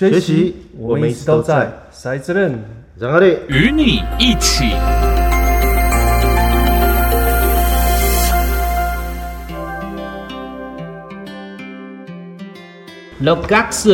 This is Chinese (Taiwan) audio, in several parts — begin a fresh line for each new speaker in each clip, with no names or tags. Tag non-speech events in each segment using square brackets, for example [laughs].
學
習，學習，我們一直都在。賽之任，然阿力，與你一起。Logax，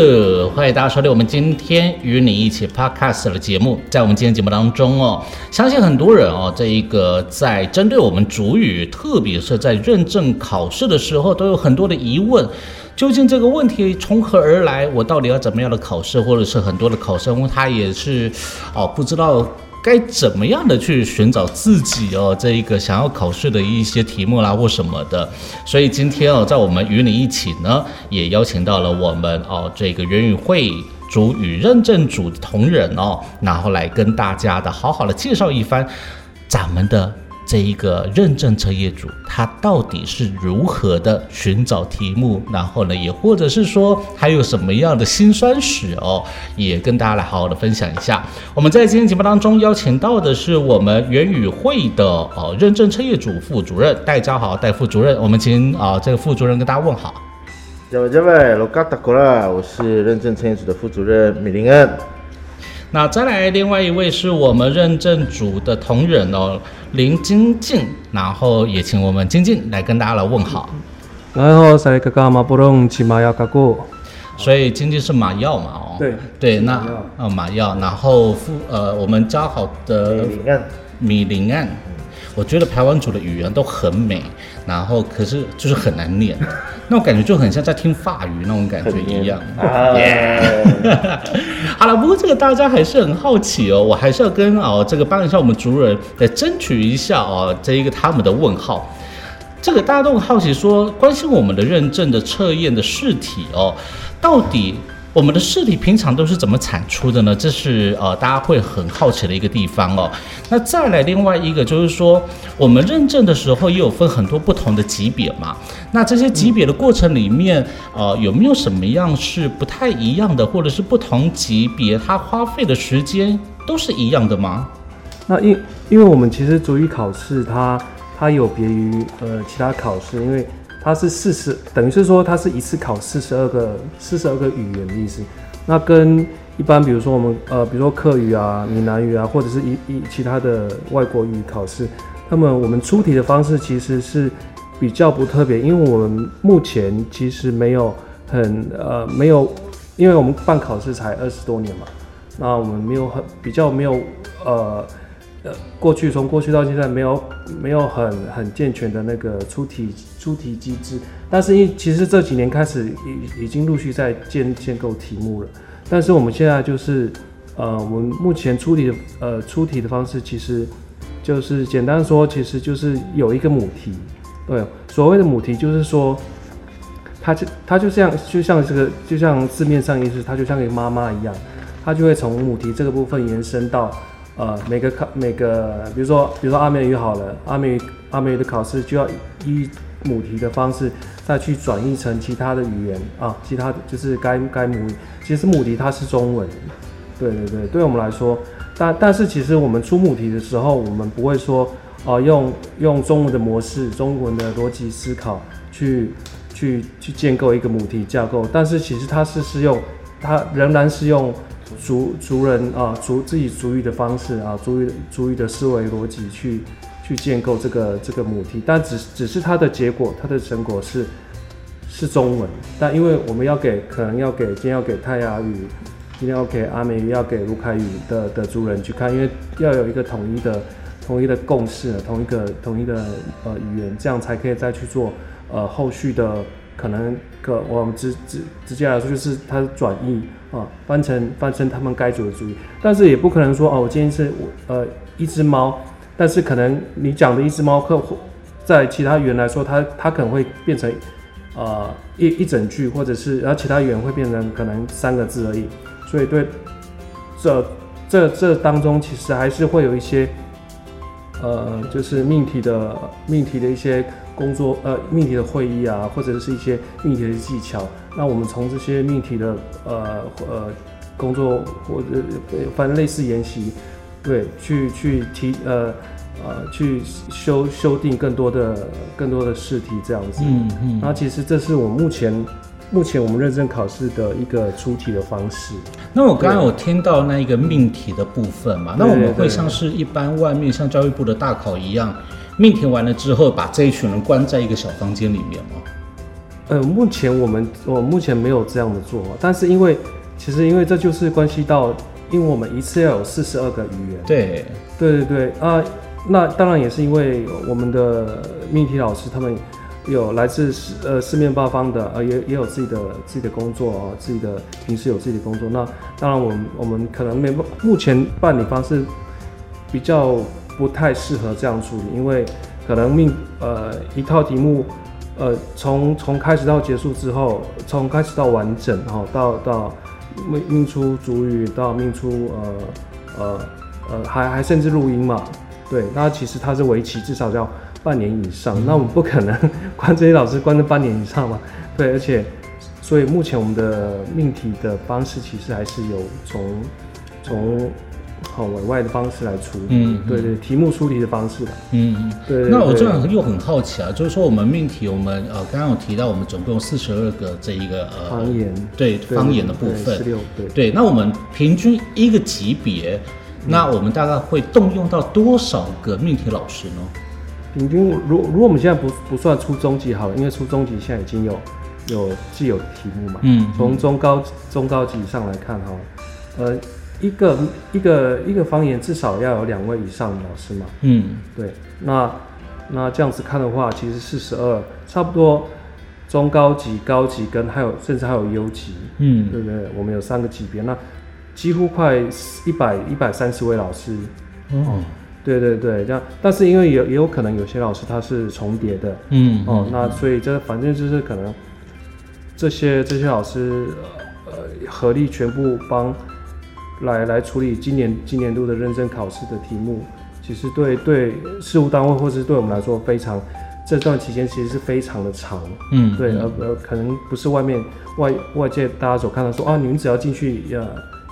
歡迎大家收聽我們今天與你一起 Podcast 的節目。在我們今天節目當中哦，相信很多人哦，這一個在針對我們族語，特別是在認證考試的時候，都有很多的疑問。究竟這個問題從何而來？我到底要怎麼樣的考試，或者是很多的考生他也是，哦，不知道該怎麼樣的去尋找自己哦，這一個想要考試的一些題目啦或什麼的。所以今天哦，在我們與你一起呢，也邀請到了我們哦這個原語會族語認證組的同仁，哦，然後來跟大家的好好的介紹一番咱們的。這一個認證車業主，他到底是如何的尋找題目？然後呢，也或者是說，還有什麼樣的辛酸史哦，也跟大家來好好的分享一下。我們在今天節目當中邀請到的是我們原語會的哦認證車業主副主任戴家豪，戴副主任，我們請啊、哦、這個副主任跟大家問好。
各位各位，大家打過啦，我是認證車業主的副主任米林恩。
那再來另外一位是我們認證組的同仁哦，林金靖，然後也請我們金靖來跟大家來問好。
你好、嗯，塞克加馬不隆，騎馬要加過，
所以金靖是馬耀嘛？哦。對對，對耀那啊、嗯、馬耀，然後呃我們教好的米林案我覺得排灣族的語言都很美，然後可是就是很難念，那種感覺就很像在聽法語那種感覺一樣。 [laughs] [laughs] 好了，不過這個大家還是很好奇哦，我還是要跟哦這個幫一下我們族人來爭取一下哦，這一個他們的問號，這個大家都很好奇說，關心我們的認證的測驗的試題哦，到底。我們的試題平常都是怎麼產出的呢？這是呃大家會很好奇的一個地方哦。那再來另外一個就是說，我們認證的時候也有分很多不同的級別嘛。那這些級別的過程裡面，嗯、呃，有沒有什麼樣是不太一樣的，或者是不同級別它花費的時間都是一樣的嗎？
那因因為我們其實族語考試它它有別於呃其他考試，因為。它是四十，等於是說，它是一次考四十二個四十二個語言的意思。那跟一般，比如說我們呃，比如說客語啊、閩南語啊，或者是一一其他的外國語考試，那麼我們出題的方式其實是比較不特別，因為我們目前其實沒有很呃沒有，因為我們辦考試才二十多年嘛，那我們沒有很比較沒有呃。過去從過去到現在沒有沒有很很健全的那個出題出題機制，但是因其實這幾年開始已已經陸續在建建構題目了。但是我們現在就是呃，我們目前出題的呃出題的方式，其實就是簡單說，其實就是有一個母題。對，所謂的母題就是說，它就它就像就像這個就像字面上意思，它就像一個媽媽一樣，它就會從母題這個部分延伸到。呃，每個考每個，比如說比如說阿美語好了，阿美語阿美語的考試就要以母題的方式再去轉譯成其他的語言啊，其他的就是該該母其實母題它是中文，對對對，對我們來說，但但是其實我們出母題的時候，我們不會說啊、呃、用用中文的模式、中文的邏輯思考去去去建構一個母題架構，但是其實它是是用它仍然是用。族族人啊，族自己族語的方式啊，族語族語的思維邏輯去去建構這個這個母題，但只只是它的結果，它的成果是是中文，但因為我們要給，可能要給，今天要給泰雅語，今天要給阿美語，要給魯凱語的的族人去看，因為要有一個統一的統一的共識，同一個統一的呃語言，這樣才可以再去做呃後續的。可能可，我們直直直接來說，就是它轉譯啊，翻成翻成他們該族的族語，但是也不可能說啊，我今天是我呃一隻貓，但是可能你講的一隻貓，客戶在其他語言來說，它它可能會變成呃一一整句，或者是然後其他語言會變成可能三個字而已。所以對這這這當中，其實還是會有一些呃，就是命題的命題的一些，工作呃，命題的會議啊，或者是一些命題的技巧，那我們從這些命題的呃呃工作或者反正類似研習，對，去去提呃呃去修修訂更多的更多的試題這樣子。嗯嗯。那其實這是我目前目前我們認證考試的一個出題的方式。
那我剛剛有對聽到那一個命題的部分嘛，那我們會像是一般外面像教育部的大考一樣？命題完了之後，把這一群人關在一個小房間裡面嗎？
呃，目前我們，我目前沒有這樣的做，但是因為，其實因為這就是關係到，因為我們一次要有四十二個語言，對，對對對啊，那當然也是因為我們的命題老師他們有來自四呃四面八方的，呃也也有自己的自己的工作，啊，自己的平時有自己的工作，那當然我們我們可能沒，目前辦理方式比較。不太適合這樣處理，因為可能命呃一套題目，呃從從開始到結束之後，從開始到完整哈、哦，到到命命出主語，到命出呃呃呃還還甚至錄音嘛，對，那其實它是為期，至少要半年以上，嗯、那我們不可能關這些老師關了半年以上嘛，對，而且所以目前我們的命題的方式其實還是有從從。好、哦、委外的方式來出，嗯，對，對對，題目出題的方式吧，嗯嗯，對，對，對。那我這樣
又很好奇啊，就是說我們命題，我們呃，剛剛有提到我們總共四十二個這一個呃
方言，對，對方言的部分，對，對, 16, 對，對
那我們平均一個級別，嗯、那我們大概會動用到多少
個命題老師呢？平均如果如果我們現在不不算初中級好了，因為初中級現在已經有有既有題目嘛，嗯，從中高中高級以上來看哈，呃。一個一個一個方言至少要有兩位以上的老師嘛。嗯，對。那那這樣子看的話，其實四十二差不多中高級、高級跟還有甚至還有優級，嗯，對不對？我們有三個級別，那幾乎快一百一百三十位老師。
嗯、
哦，對對對，這樣。但是因為也也有可能有些老師他是重疊的嗯。嗯。哦，那所以這反正就是可能這些這些老師呃合力全部幫，來來處理今年今年度的認證考試的題目，其實對對事務單位或是對我們來說非常這段期間其實是非常的長，嗯，對而，而可能不是外面外外界大家所看到說啊，你們只要進去呀、啊、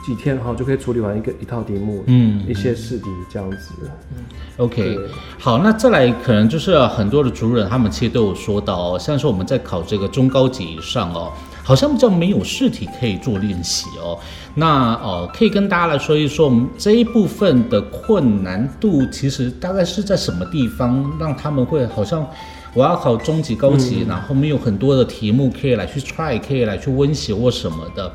幾天哈、啊、就可以處理完一個一套題目，嗯，一些試題這樣子。嗯、對 OK，好，
那再來可能就是、啊、很多的主任他們其實都有說
到哦，像說我們在
考這個中高級以上哦。好像叫沒有試題可以做練習哦，那呃，可以跟大家來說一說我們這一部分的困難度其實大概是在什麼地方，讓他們會好像。我要考中級、高級，然後後面有很多的題目可以來去 try，可以來去溫習或什麼的。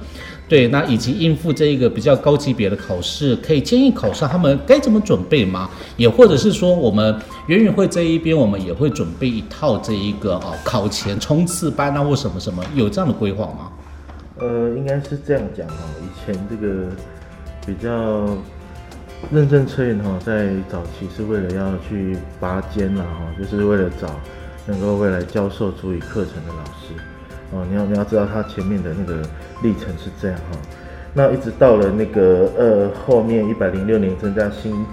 對，那以及應付這一個比較高級別的考試，可以建議考生他們該怎麼準備嗎？也或者是說，我們原語會這一邊，我們也會準備一套這一個啊考前衝刺班啊或什麼什麼，有這樣的規劃嗎？
呃，應該是這樣講哈。以前這個比較認證測驗哈，在早期是為了要去拔尖啊，哈，就是為了找。能夠未來教授族語課程的老師，哦，你要你要知道他前面的那個歷程是這樣哈、哦，那一直到了那個呃後面一百零六年增加新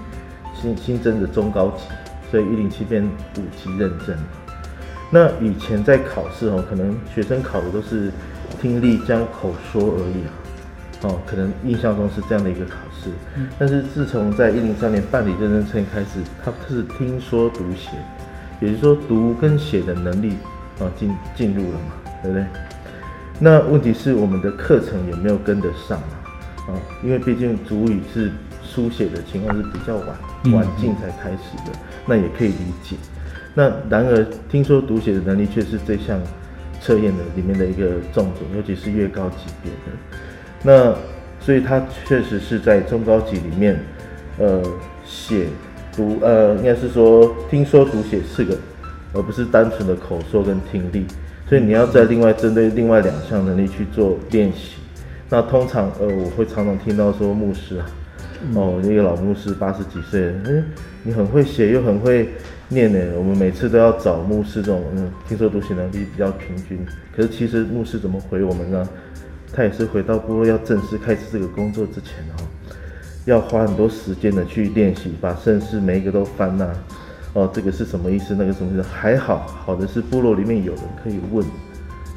新新增的中高級，所以一零七變五級認證。那以前在考試哦，可能學生考的都是聽力將口說而已啊，哦，可能印象中是這樣的一個考試，但是自從在一零三年辦理認證證開始，他是聽說讀寫。也就是說，讀跟寫的能力啊，進進入了嘛，對不對？那問題是我們的課程有沒有跟得上啊？啊，因為畢竟族語是書寫的情況是比較晚晚近才開始的，嗯嗯，那也可以理解。那然而，聽說讀寫的能力卻是這項測驗的裡面的一個重點，尤其是越高級別的那，所以他確實是在中高級裡面，呃，寫、讀呃，應該是說聽說讀寫四個，而不是單純的口說跟聽力，所以你要再另外針對另外兩項能力去做練習。那通常呃，我會常常聽到說牧師啊，哦，一個老牧師八十幾歲了，哎、嗯，你很會寫又很會念呢，我們每次都要找牧師這種，嗯，聽說讀寫能力比較平均，可是其實牧師怎麼回我們呢？他也是回到部落要正式開始這個工作之前哦、啊。要花很多時間的去練習，把聖詩每一個都翻吶、啊。哦，這個是什麼意思？那個什麼意思？還好，好的是部落裡面有人可以問啊、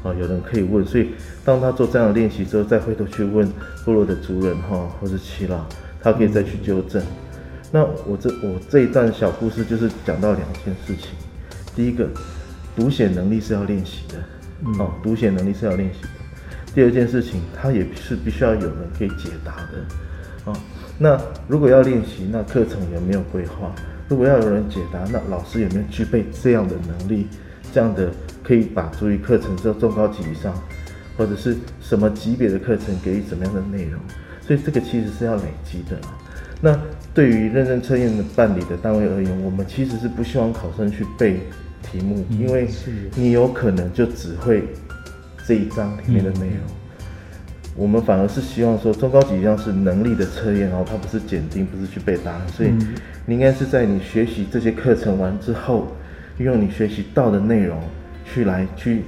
哦，有人可以問。所以當他做這樣的練習之後，再回頭去問部落的族人哈、哦，或者耆老，他可以再去糾正。嗯、那我這我這一段小故事就是講到兩件事情：第一個，讀寫能力是要練習的，嗯、哦，讀寫能力是要練習的；第二件事情，他也是必須要有人可以解答的，啊、哦。那如果要練習，那課程有沒有規劃？如果要有人解答，那老師有沒有具備這樣的能力？這樣的可以把注意課程做中高級以上，或者是什麼級別的課程給予什麼樣的內容？所以這個其實是要累積的。那對於認證測驗的辦理的單位而言，我們其實是不希望考生去背題目，因為你有可能就只會這一章裡面的內容。嗯我們反而是希望說，中高級一樣是能力的測驗哦，它不是檢定，不是去背答案，所以你應該是在你學習這些課程完之後，用你學習到的內容去來去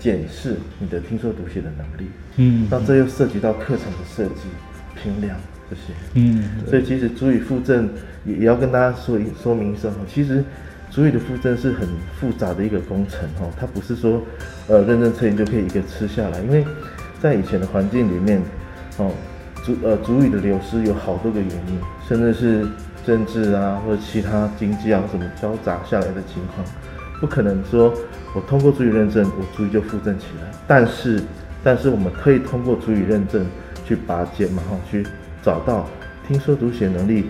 檢視你的聽說讀寫的能力。嗯，嗯，那這又涉及到課程的設計、評量這些。就是、嗯，所以其實族語認證也也要跟大家說說明一聲哦，其實族語的認證是很複雜的一個工程哦，它不是說呃認證測驗就可以一個吃下來，因為。在以前的環境裡面，哦，族呃族語的流失有好多個原因，甚至是政治啊或者其他經濟啊什麼交雜下來的情況，不可能說我通過族語認證，我族語就復振起來。但是，但是我們可以通過族語認證去拔尖嘛，去找到聽說讀寫能力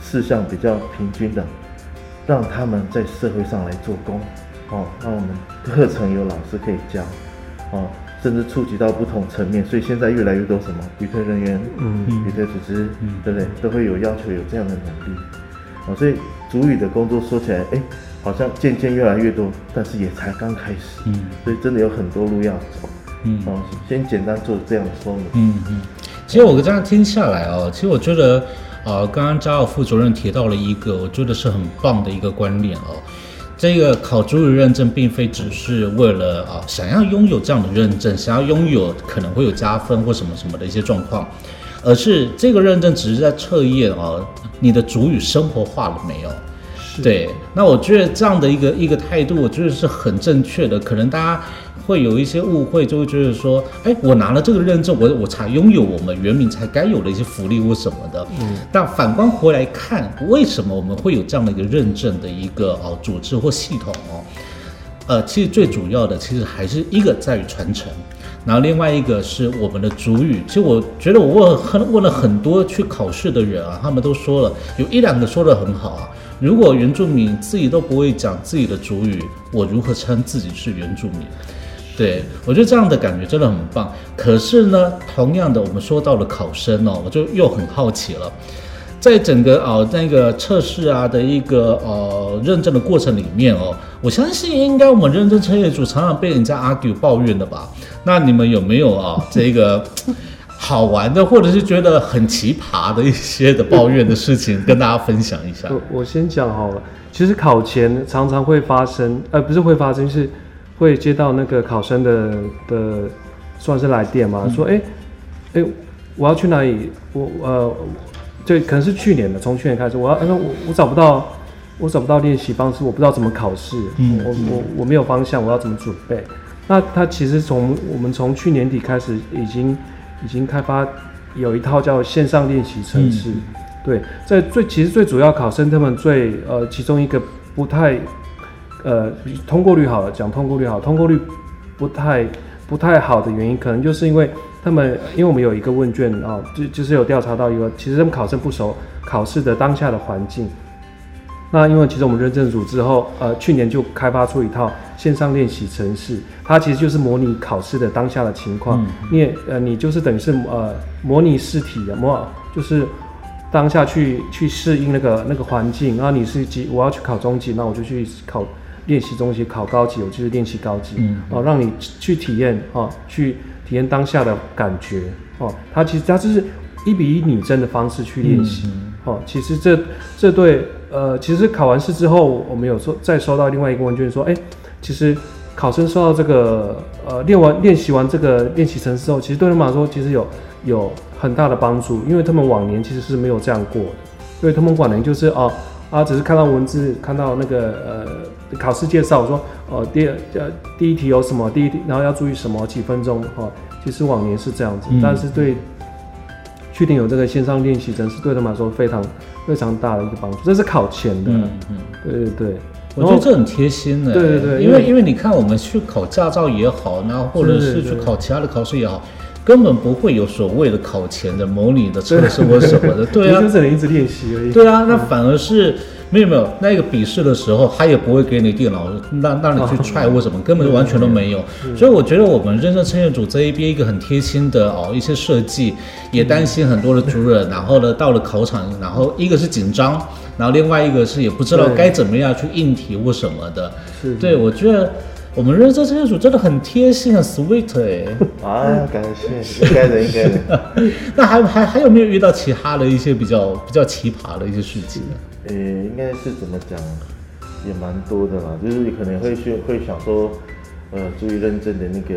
四項比較平均的，讓他們在社會上來做工，哦，讓我們課程有老師可以教，哦。甚至觸及到不同層面，所以現在越來越多什麼比特人員、嗯，比特組織，嗯，對不對？都會有要求有這樣的能力、哦，所以族語的工作說起來，哎，好像漸漸越來越多，但是也才剛開始，嗯，所以真的有很多路要走，哦、嗯，先簡單做這樣說明，嗯嗯。其實我跟大家
聽下來哦，其實我覺得，啊、呃，剛剛嘉爾副主任提到了一個，我覺得是很棒的一個觀念哦。這個考族語認證並非只是為了啊、哦，想要擁有這樣的認證，想要擁有可能會有加分或什麼什麼的一些狀況，而是這個認證只是在測驗啊、哦，你的族語生活化了沒有？是對，那我覺得這樣的一個一個態度，我覺得是很正確的。可能大家。會有一些誤會，就會覺得說，哎，我拿了這個認證，我我才擁有我們原民才該有的一些福利或什麼的。嗯，但反觀回來看，為什麼我們會有這樣的一個認證的一個哦組織或系統哦？呃，其實最主要的其實還是一個在於傳承，然後另外一個是我們的族語。其實我覺得我問很問了很多去考試的人啊，他們都說了有一兩個說得很好啊。如果原住民自己都不會講自己的族語，我如何稱自己是原住民？對，我覺得這樣的感覺真的很棒。可是呢，同樣的，我們說到了考生哦，我就又很好奇了，在整個哦、呃，那個測試啊的一個呃認證的過程裡面哦，我相信應該我們認證車業組常常被人家阿 e 抱怨的吧？那你們有沒有啊、呃、這個好玩的，或者是覺得很奇葩的一些的抱怨的事情跟大家分享一下？
我先講好了，其實考前常常會發生，呃，不是會發生是。會接到那個考生的的算是來電嘛？嗯、說哎哎，我要去哪裡？我呃，這可能是去年的，從去年開始，我要那我我找不到，我找不到練習方式，我不知道怎麼考試，嗯、我我我沒有方向，我要怎麼準備？嗯、那他其實從我們從去年底開始，已經已經開發有一套叫線上練習程式，嗯、對，在最其實最主要考生他們最呃其中一個不太。呃，通過率好了，講通過率好，通過率不太不太好的原因，可能就是因為他們，因為我們有一個問卷啊、哦，就就是有調查到一個，其實他們考生不熟考試的當下的環境。那因為其實我們認證組之後，呃，去年就開發出一套線上練習程式，它其實就是模擬考試的當下的情況，你、嗯嗯、呃你就是等於是呃模擬試題的模，就是當下去去適應那個那個環境。然後你是幾？我要去考中級，那我就去考。練習中學考高級，我就是練習高級、嗯、哼哦，讓你去體驗哦，去體驗當下的感覺哦。它其實它就是一比一擬真的方式去練習、嗯、哼哦。其實這這對呃，其實考完試之後，我們有收再收到另外一個問卷說，哎、欸，其實考生收到這個呃練完練習完這個練習程式之後，其實對他們來說其實有有很大的幫助，因為他們往年其實是沒有這樣過的，因為他們往年就是啊、哦、啊，只是看到文字，看到那個呃。考試介紹，我說，哦、第二呃，第一題有什麼？第一題，然後要注意什麼？幾分鐘、哦？其實往年是這樣子，嗯、但是對，去年有這個線上練習，真是對他們來說非常非常大的一個幫助。這是考前的，嗯嗯、對對對，我覺得這很
貼心的，欸，對，對對，因為因為，因為你看，我們去考駕照也好，那或者是去考其他的考試也好，對對對，根本不會有所謂的考前的模擬的測試或是什麼的，對，就
只能一直練習而已，對啊，
那反而是，嗯沒有沒有，那個筆試的時候，他也不會給你電腦，讓讓你去踹或什麼，哦、根本就完全都沒有。所以我覺得我們認證測驗組這一邊一個很貼心的哦一些設計，也擔心很多的主任，嗯、然後呢到了考場， [laughs] 然後一個是緊張，然後另外一個是也不知道該怎麼樣去應題或什麼的。是對，對我覺得。我們認識這些組真的很貼心，啊，很 sweet 哎，欸！啊，感謝， [laughs] 是應該的，應該的。啊，那還還還有
沒有遇到其他的一些比較比較奇葩的一些事情呢？呃，應該是怎麼講，也蠻多的啦。就是你可能會去會想說，呃，注意認證的那個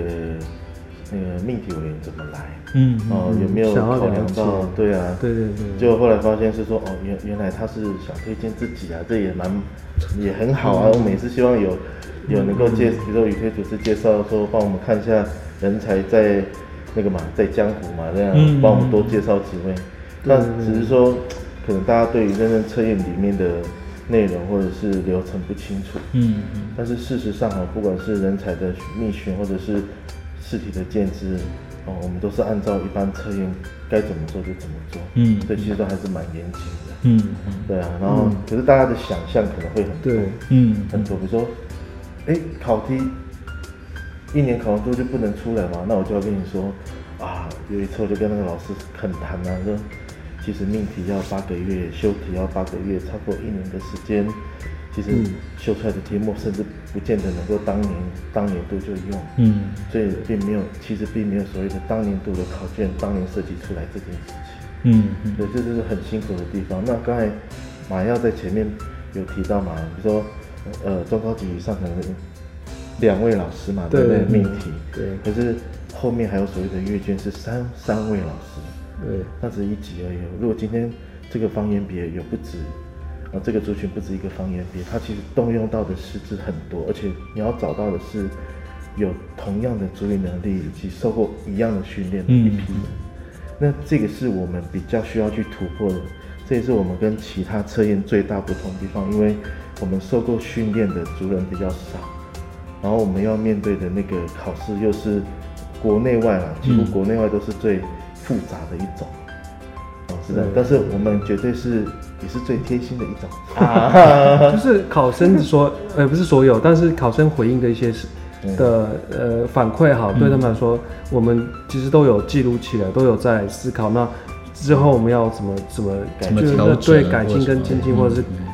那個命題委員怎麼來？嗯，嗯，嗯，哦，有沒有考量到？量到對啊，對對對。結果後來發現是說，哦，原原來他是想推薦自己啊，這也蠻也很好啊。嗯，我每次希望有。有能夠介，比如說雨飛主持介紹說，幫我們看一下人才在那個嘛，在江湖嘛這樣，幫我們多介紹幾位。嗯、那只是說，可能大家對於認證測驗裡面的內容或者是流程不清楚。嗯嗯。嗯但是事實上哦，不管是人才的覓尋或者是試題的建置，哦，我們都是按照一般測驗該怎麼做就怎麼做。嗯。所以其實還是蠻嚴謹的。嗯嗯。對啊，然後、嗯、可是大家的想象可能會很多，嗯，嗯很多，比如說。哎，考題一年考完之後就不能出來嘛？那我就要跟你說，啊，有一次我就跟那個老師很談啊，說其實命題要八個月，修題要八個月，超過一年的時間，其實修出來的題目甚至不見得能夠當年當年度就用。嗯，所以並沒有，其實並沒有所謂的當年度的考卷當年設計出來這件事情。嗯，嗯所以這就是很辛苦的地方。那剛才馬耀在前面有提到嘛，你說。呃，中高級以上可能兩位老師嘛，對，對。命題，對。對可是後面還有所謂的閱卷是三三位老師，對。那只是一級而已。如果今天這個方言別有不止，啊、呃，這個族群不止一個方言別，它其實動用到的師資很多，而且你要找到的是有同樣的族語能力以及受過一樣的訓練的一批人。嗯、那這個是我們比較需要去突破的，這也是我們跟其他測驗最大不同的地方，因為。我們受過訓練的族人比較少，然後我們要面對的那個考試又是國內外啊，幾乎國內外都是最複雜的一種。是的，但是我們絕對是也是最貼心的一種。
啊、就是考生說，呃，不是所有，但是考生回應的一些的、嗯、呃反饋哈，對他們來說，嗯、我們其實都有記錄起來，都有在思考，那之後我們要怎麼怎麼改，麼就是對改進跟精進，或者是。嗯嗯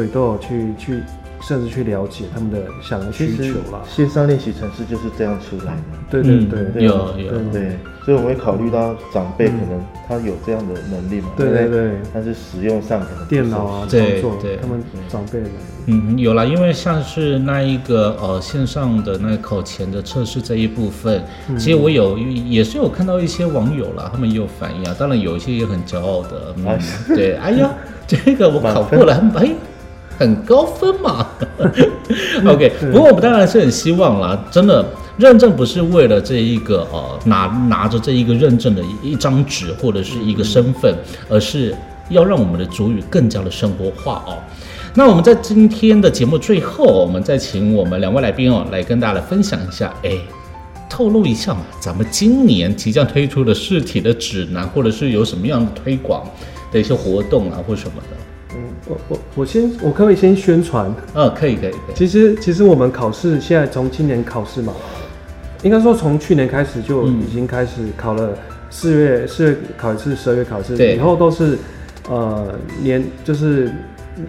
對，都有去去甚至去了解他們的想要需求啦，線上練習程式就是這樣出來
的。對對對，有有對。所以我們會考慮到長輩可能他有這樣的能力嘛？對對對。但是使用上可能電腦啊，操作對，
他們長輩的嗯，
有啦，因為像是那一個呃線上的那個考前的測試這一部分，其實我有也是有看到一些網友啦，他們也有反應啊。當然有一些也很驕傲的，嗯，對，哎呀，這個我考過了，哎。很高分嘛。 [laughs] [laughs] ，OK。不過我們當然是很希望啦，真的認證不是為了這一個呃拿拿着這一個認證的一一張紙或者是一個身份，而是要讓我們的族語更加的生活化哦。那我們在今天的節目最後，我們再請我們兩位來賓哦來跟大家來分享一下，哎，透露一下嘛，咱們今年即將推出的試題的指南，或者是有什麼樣的推廣的一些活動啊或什麼的。
嗯，我我我先，我可不可以先宣傳？嗯，可
以可以可以，可
以其實其實我們考試現在從今年考試嘛，應該說從去年開始就已經開始考了4，四月四月考一次，十二月考試，對以後都是，呃，年就是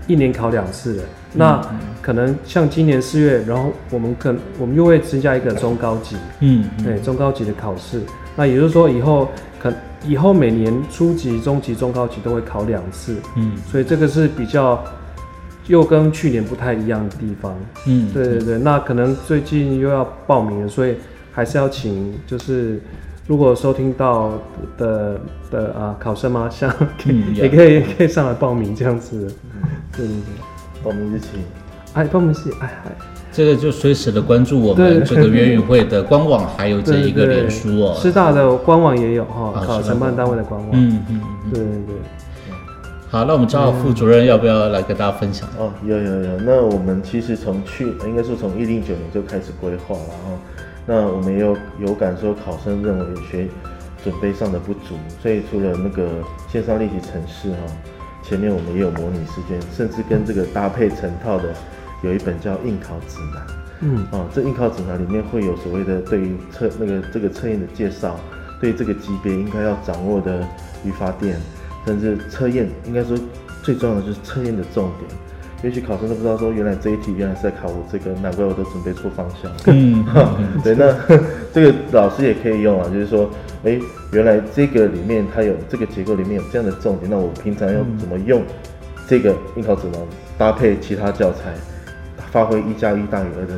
一年考兩次的。嗯嗯，那可能像今年四月，然後我們可能我們又會增加一個中高級，嗯，嗯，對，中高級的考試。那也就是說以後。以後每年初級、中級、中高級都會考兩次，嗯，所以這個是比較又跟去年不太一樣的地方，嗯，對對對。嗯、那可能最近又要報名了，所以還是要請，就是如果收聽到的的，的啊考生嗎，像、嗯、也可以、嗯、也可以上來報名這樣子、嗯對對對，報名日期，哎，報名是哎。哎
這個就隨時的關注我們這個原語會的官網，還有這一個臉書哦。對對對，師大的
官網也有哈，考承辦單位的官網。嗯嗯對對好，那我們知道副
主
任要不要來跟大家分享、嗯嗯嗯、哦？有有有。那我們其實從去應該是從一零九年就開始規劃了哈、哦。那我們也有有感受考生認為學準備上的不足，所以除了那個線上練習程式哈，前面我們也有模擬試卷，甚至跟這個搭配成套的。有一本叫應考指南，嗯，啊，這應考指南裡面會有所謂的對於測那個這個測驗的介紹，對這個級別應該要掌握的語法點，甚至測驗應該說最重要的就是測驗的重點，也許考生都不知道說原來這一題原來是在考我這個，難怪我都準備錯方向。嗯，呵嗯對，的那這個老師也可以用啊，就是說，哎、欸，原來這個裡面它有這個結構裡面有這樣的重點，那我平常要怎麼用這個應考指南搭配其他教材？發揮一加一大於二的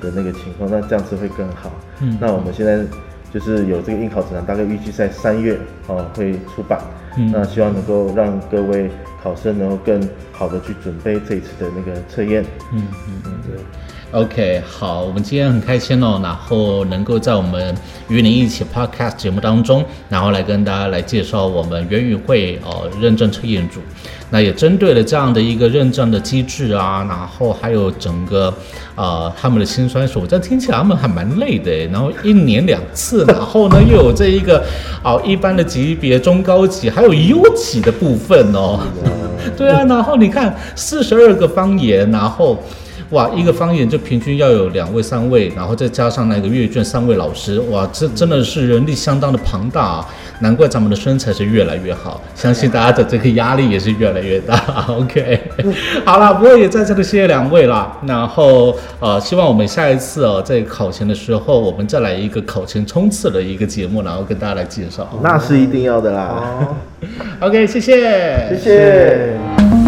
的那個情況，那這樣子會更好。嗯，那我們現在就是有這個應考指南，大概預計在三月哦會出版。嗯，那、啊、希望能夠讓各位考生能夠更好的去準備這一次的那個測驗，嗯。嗯
嗯對。OK，好，我們今天很開心哦，然後能夠在我們語你一起 Podcast 節目當中，然後來跟大家來介紹我們原語會哦認證測驗組。那也針對了這樣的一個認證的機制啊，然後還有整個，呃，他們的辛酸史，我這聽起來他們還蠻累的，欸、然後一年兩次，然後呢又有這一個哦一般的級別、中高級還有優級的部分哦，哇 [laughs] 對啊，然後你看四十二個方言，然後。哇，一個方言就平均要有兩位、三位，然後再加上那個閱卷三位老師，哇，這真的是人力相當的龐大啊！難怪咱們的身材是越來越好，相信大家的這個壓力也是越來越大。哎、呀 OK，、嗯、好啦，我也在這裡謝謝兩位啦。然後、呃、希望我們下一次哦，在考前的時候，我們再來一個考前衝刺的一個節目，然後跟大家來介紹、哦。那是一
定要的啦。Oh. OK，謝謝，謝謝。